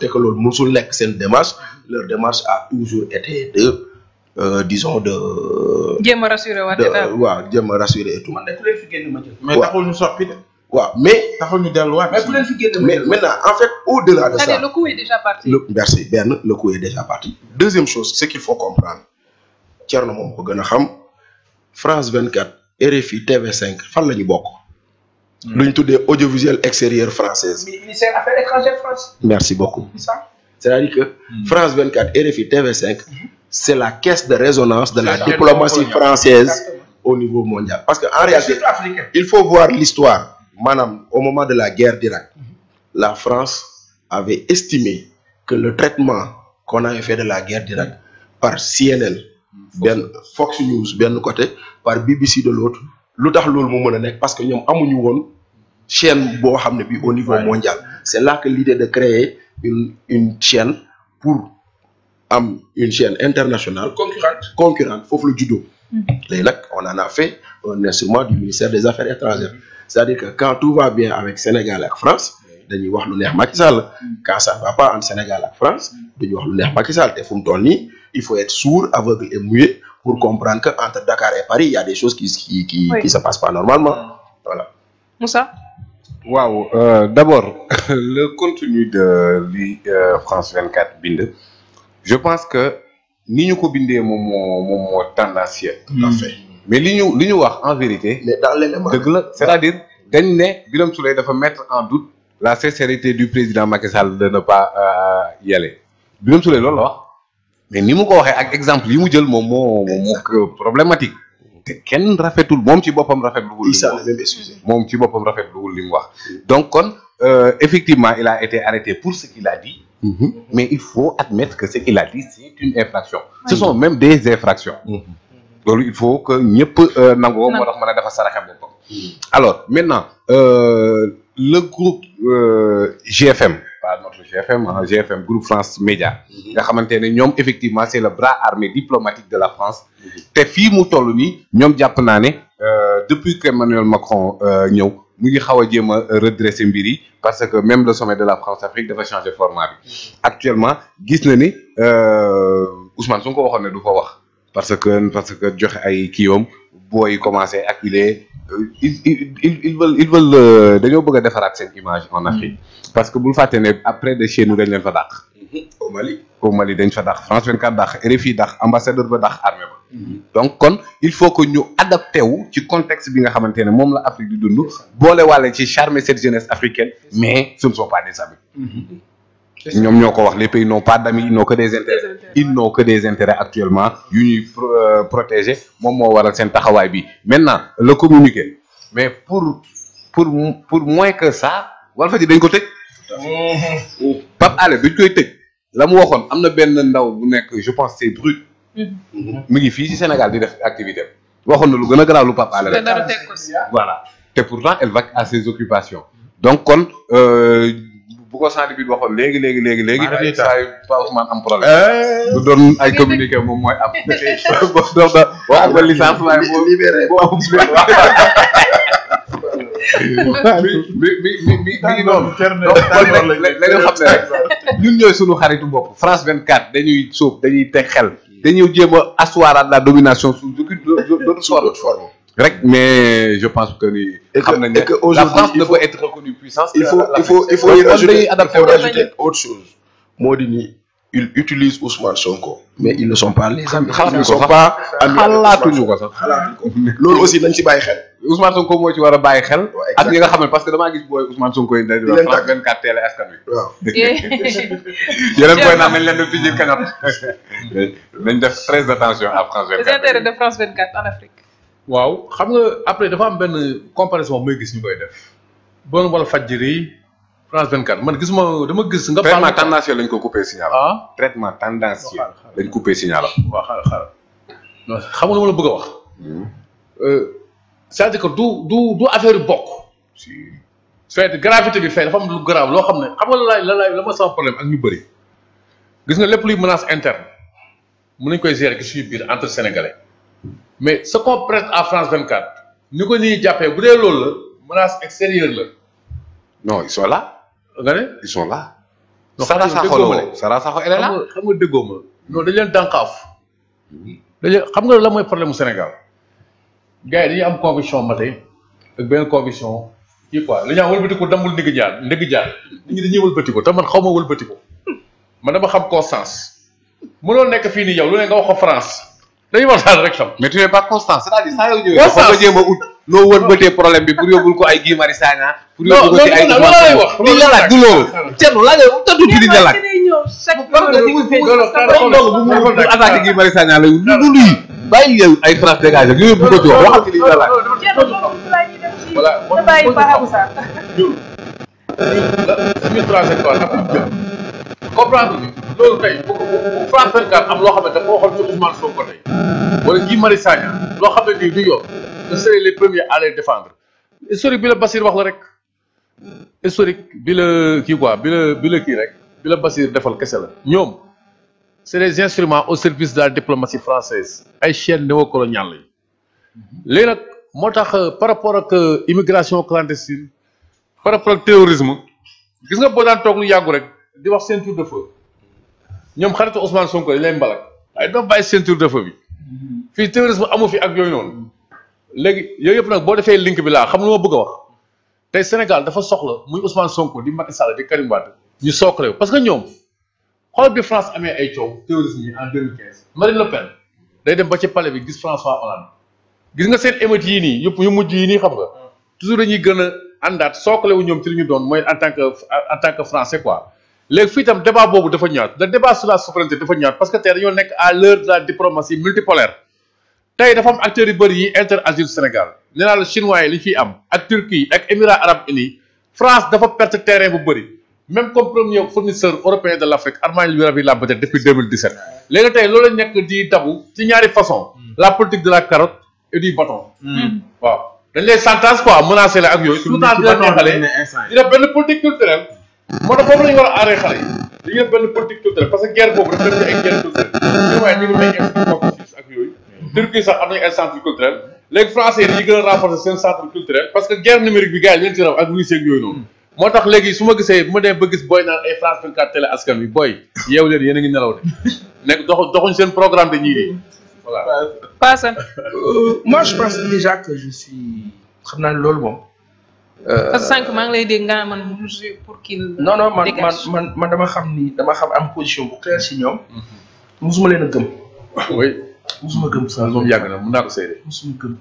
te que loolu musul lekk seen démarche leur démarche a toujours été de euh, disons de. jéem rassuré waat état rassuré et tout. mais taxul ñu soppi de. waaw mais taxul ñu delluwaat. mais mais maintenant en fait au delà de ça. merci benn le coup déjà parti. deuxième chose ce qu'il faut comprendre Thierno moom ko gën a xam France vingt 24 RFI TV5 fan la ñu bokk. Mm. luñ tuddee audiovisuel extérieur française ministère merci beaucoup. c'est-à-dire que mm. France 24 RFI tv la caisse de résonance de la diplomatie française au niveau mondial parce que en réalité il faut maanaam au moment de la guerre d'Irak mm-hmm. France avait estimé le traitement qu'on de la guerre d'Irak mm. par CNN benn côté par BBC de l'autre lu tax loolu mu mën a nekk parce que ñoom amuñu woon chaîne boo xam ne bi au niveau mondial c'est là que l'idée de créer une une chaîne pour am une chaîne internationale concurrente concurrente foofu la juddoo mm-hmm. léegi nag on en a fait un instrument du ministère des affaires étrangères mm-hmm. c'est-à-dire que quand tout va bien avec Sénégal ak France dañuy wax lu neex Macky Sall mm-hmm. quand ça va pas entre Sénégal ak France dañuy wax lu neex Macky Sall te fu mu toll nii il faut être sourd aveugle et pour comprendre que entre Dakar et Paris il y des choses qui qui qui, oui. qui se passent pas normalement voilà. Moussa. waaw euh, d'abord le contenu de li euh, France 24 bind je pense que ni ñu ko bindee moom moo moom hmm. mais li ñu li ñu wax en vérité. mais dans l'élément la c'est-à-dire dañ ne Birame Souleye dafa mettre en doute la sincérité du président Macky de ne pas euh, y aller Birame Souleye wax. mais ni mu ko waxee ak exemple yi mu jël moom moo problématique te kenn rafetul moom ci boppam rafetluwul moom ci boppam rafetluwul li mu wax donc kon euh, effectivement il a été arrêté pour ce qu'il a dit mm-hmm. mais il faut admettre que ce qu'il a dit c'est une infraction ce sont même des infractions mm-hmm. loolu il faut que ñëpp euh, nangoo moo tax mën a dafa saraxe boppam mm-hmm. alors maintenant euh, le groupe GFM pas notre GFM hein, ah, GFM Groupe France Média mhm. nga xamante ne ñoom effectivement c'est le bras armé diplomatique de la France mhm. te fii mu toll nii ñoom jàpp naa ne euh, depuis que Emmanuel Macron euh, ñëw mu ngi xaw a jéem a redresser mbir yi parce que même le sommet de la France-Afrique dafa changer format mhm. actuellement gis na ni euh, Ousmane Sonko waxoon ne du ko wax parce que parce que joxe ay kiiwam booy commencé acculé ils ils ils veulent euh, dañoo bëgg defaraat seen image en Afrique mm-hmm. parce que bul fàtte ne après de chez dañ leen fa dàq. Mm-hmm. au Mali au Mali dañ fa dàq France 24 dàq RFI dàq ambassadeur ba dàq armée ba. Mm-hmm. donc kon il faut que ñu adapté wu ci contexte bi nga xamante ne moom la Afrique bi dund. boole wàlle ci charmer cette jeunesse africaine mais ce ne sont pas ñoom ñoo ko wax les pays n'ont pas d'amis ils n'ont que des intérêts ils n'ont que des intérêts actuellement yu ñuy euh, protéger moom moo waral seen taxawaay bi maintenant le communiqué mais pour pour pour moins que ça Walfadjri dañ ko tëj mm-hmm. Pape Alé biñ koy tëj la mu waxoon am na benn ndaw bu nekk je pense c'est brut mm-hmm. mi ngi fii ci Sénégal di def activité waxoon na lu gën a garaaw lu Pape Alé rek voilà te pourtant elle va à ses occupations donc kon euh, bu ko sant bi waxoon léegi léegi léegi léegi. maa ngi saa yu Paa Ousmane am problème. Eh. du doon ay communiqué moom mooy am. boo doon da boo amul licence waaye boo libéré boo amul mi mi mi mi ngi noonu. léegi xam ne rek ñun ñooy sunu xaritu bopp France 24 dañuy sóob dañuy teg xel. dañuy jéem a asseoir la domination sous de de de sorte. rek mais je pense que ni. xam nañ ne la France ne peut être reconnue puissance. il faut il faut il faut y chose. moo di ni ils utilisent Ousmane Sonko. mais ils ne sont pas les amis. ils ne sont pas amis xalaatuñu ko sax xalaatuñu ko aussi nañ si bàyyi xel. Ousmane Sonko moo ci war a bàyyi xel. ak ñi nga xam ne parce que damaa gis booy Ousmane Sonko yi. di leen tàgg France 24 télé askan wi. waaw yeneen booy naan nañ leen di tijji kanam. nañ def très attention à France 24. les de France 24 en waaw xam nga après dafa am benn comparaison mooy gis ñu koy def. bon wala fajjiri France 24 man gisuma dama gis. nga traitement tendance lañ ko coupé signal. Ah? traitement tendance lañ coupé signal. xam nga ma la bëgg a wax. Hmm. Euh, que du du du affaire bokk. si fait gravité bi fay dafa am lu grave loo xam ne xam nga la laay la sama problème ak ñu bëri. gis nga lépp luy menace interne mën nañ koy ger ci suñu biir entre sénégalais. mais ce qu'on prête à France 24 ni ko ñuy jàppee bu dee loolu la menace extérieure la. non ils sont là. nga ne ils sont là. Sara Sakho Sara Sakho xam nga déggoo ma non dañ leen dànkaaf. Mm-hmm. dañ xam nga la mooy problème mu Sénégal gars dañuy am conviction matin ak benn conviction kii quoi li ñu am wëlbati ko damul ndig jaar ndig jaar nit ñi dañuy wëlbati ko te man xaw ma wëlbati ko man dama xam constance mënoo nekk fii nii yow lu ne nga wax France. dañu war a rek xam. mais tu n'es pas constant c'est-à-dire saa yoo ñëwee. constant nga jéem a ut loo wëlbatee problème bi pour yóbbul ko ay Guy Marius Sagna. pour yóbbul ko ci ay. non lay wax di njalaat du loolu. Thierno laa lay tëdd di njalaat. bu mu attaqué Guy Marius Sagna la lu luy bàyyi yow ay France dégage ak yooyu bu ko ci wax waxal ci li njalaat. voilà moom mooy ñu suñu trajectoire ak ñu jëm comprendre loolu tey bu France 24 am loo xam ne dafa waxoon xam ne les premiers à les défendre bi la Basir wax la rek kii quoi bi rek bi la defal kese la ñoom c'est des instruments au service de la diplomatie française ay chaînes nag moo tax euh, par rapport ak euh, immigration clandestine par rapport toog lu yàggu rek di wax seen tour de feu ñoom xaritu Ousmane Sonko dañ leen mbalak waaye doo bàyyi ceinture de feu bi fii terrorisme amu fi ak yooyu noonu léegi yooyu yëpp nag boo defee link bi laa xam lu ma bëgg a wax te Sénégal dafa soxla muy Ousmane Sonko di Macky Sall di Karim Wade ñu sookale parce que ñoom xool bi France amee ay coow terrorisme yi en dem ba ci palais bi gis François Hollande gis nga seen émeutes yii nii yëpp yu mujj yi nii xam nga toujours dañuy gën a àndaat sookale wu ñoom ci lu ñu doon mooy en tant que en tant français quoi léegi fii tam débat boobu dafa ñëwaat le débat sur la souveraineté dafa ñëwaat parce que tey dañoo nekk à l'heure de la diplomatie multipolaire tey dafa am acteurs yu bëri yi interagir Sénégal nee naa yi li fiy am ak Turquie ak Émirats arabes unis France dafa perte terrain bu bëri même comme premier fournisseur européen de l' Afrique Allemagne li rabi la peut-être depuis 2017 tey loolu nekk di dabu ci ñaari façon mm. la politique de la carotte et du bâton mm. Mm. waaw dañ lay santage quoi moo tax foofu la war a aaree xale yi dañuy def benn politique culturelle parce que guerre boobu dafa def ci ay guerre culturelle ñun waaye ñu ngi may sax am nañu ay centre culturel léegi français yi dañuy gën a renforcer seen centre culturel parce que guerre numérique bi gars yi ñu ngi ak Russie ak yooyu noonu. moo tax léegi su ma gisee bu ma demee ba gis booy naan ay France 24 télé askan wi booy yeew leen yéen a ngi nelaw de nekk doxu doxuñ seen programme de ñii de voilà. Pas ça. Euh, moi je pense déjà que je suis xam naa loolu moom. Euh, parce que maa ngi lay dégg nga man pour kii. non non man man man man xam ni dama xam am position si ñoom. Mm-hmm. musuma leen a gëm. oui musuma gëm sax moom yàgg na mun naa ko seede. musuma gëm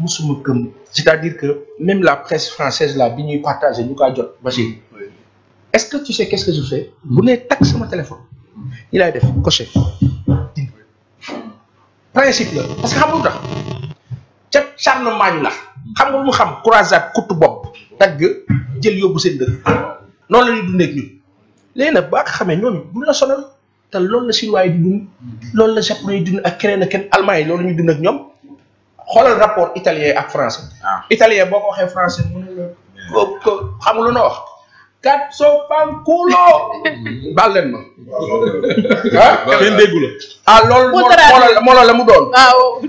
RFI c'est-à-dire que même la presse française la bi ñuy partagé ñu kaa jot Bachir. est-ce que tu sais qu'est-ce que je fais. bu sama téléphone. ni laay def coché. principe parce que xam nga lu tax la. xam nga lu mu xam croisade kuttu bopp dagg jël yóbbu seen dëkk noonu la ñuy dundee ak ñun léegi nag baa ko xamee ñoom du la sonal te loolu la Chinois yi di dund loolu la japonais yi dund ak keneen ak keneen yi loolu la ñuy dund ak ñoom xoolal rapport italien ak français. Ah. italien boo ko waxee français mu ko xam nga lu na wax kat sopankulo mm-hmm. baal leen ma ah kenn déggu la ah loolu moola la mu doon waaw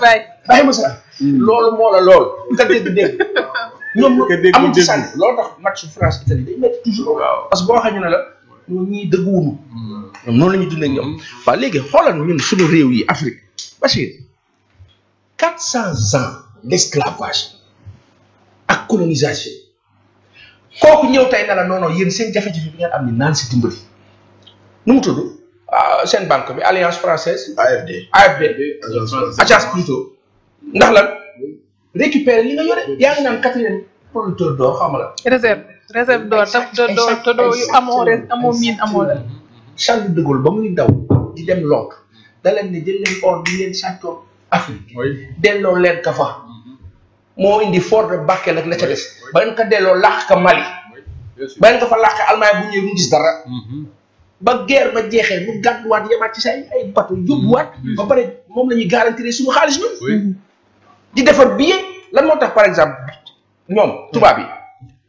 bàyyi ma sa mm. loolu moola lool ka dégg dégg ñoom am ci sànni loolu tax match France Italie dañ nekk toujours parce que boo xam ñu ne la ñoo ñuy dëgguwunu mm. ñoom noonu la ñuy dundee ñoom mm-hmm. waaw léegi xoolal ñun suñu réew yi Afrique parce que quatre cents ans d'esclavage ak colonisation kooku ñëw tey ne la non seen jafe-jafe bi ngeen am ni naan si dimbali nu mu ah, seen banque bi alliance française AFD AFD agence plutôt ndax lan récupérer li nga yore yaa ngi naan quatrième producteur réserve réserve d'or te doo te doo yu amoo amoo miin amoo la Charles de ba muy daw di dem Londres da leen ne jël leen or bi leen sàccoon Afrique delloo leen fa moo indi fort de Bakel na la ca des ba leen ko delloo làq ka Mali ba leen ko fa làq Allemagne bu ñëwee bu ñu gis dara mhm. ba guerre ba jeexee mu gàdduwaat yemaat ci say ay bateau mhm. yóbbuwaat mhm. ba pare moom la ñuy garantir suñu xaalis ñun di defar billet lan moo tax par exemple ñoom tubaab yi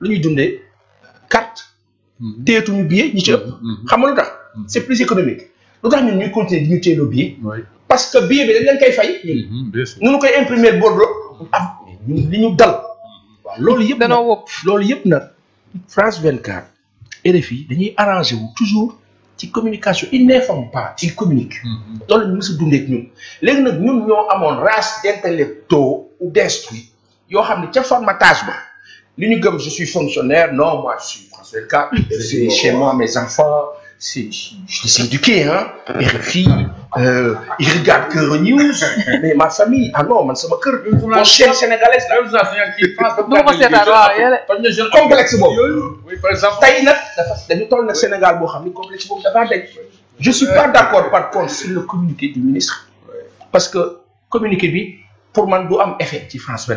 lu ñuy dundee carte téyetuñu billet ñi ci ëpp xam nga lu tax c'est plus économique lu tax ñun ñuy continuer di ñu téeloo billet parce bii billet bi dañ leen koy fay ñun ñu koy imprimer Bordeaux li ñu dal. waaw loolu yëpp danoo wopp loolu yëpp nag France 24 RFI dañuy arrangé wu toujours ci communication ils n'informent pas ils communiquent. Mm-hmm. loolu ñu mës a dundee ak ñun. léegi nag ñun ñoo amoon race d'intellectuels ou d'instruits yoo xam ne ca formatage ba li ñu gëm je suis fonctionnaire non moi je suis France 24. je suis chez moi enfants. c'est, je euh, les ai éduqués, hein. ma famille, ah non, man, sama kër. mon cher sénégalais complexe boobu. oui par exemple tey nag dafa dañu toll nag Sénégal boo xam ni complexe boobu dafa dañ. je suis pas d'accord par contre sur le communiqué du ministre. parce que communiqué bi pour man du am effet ci France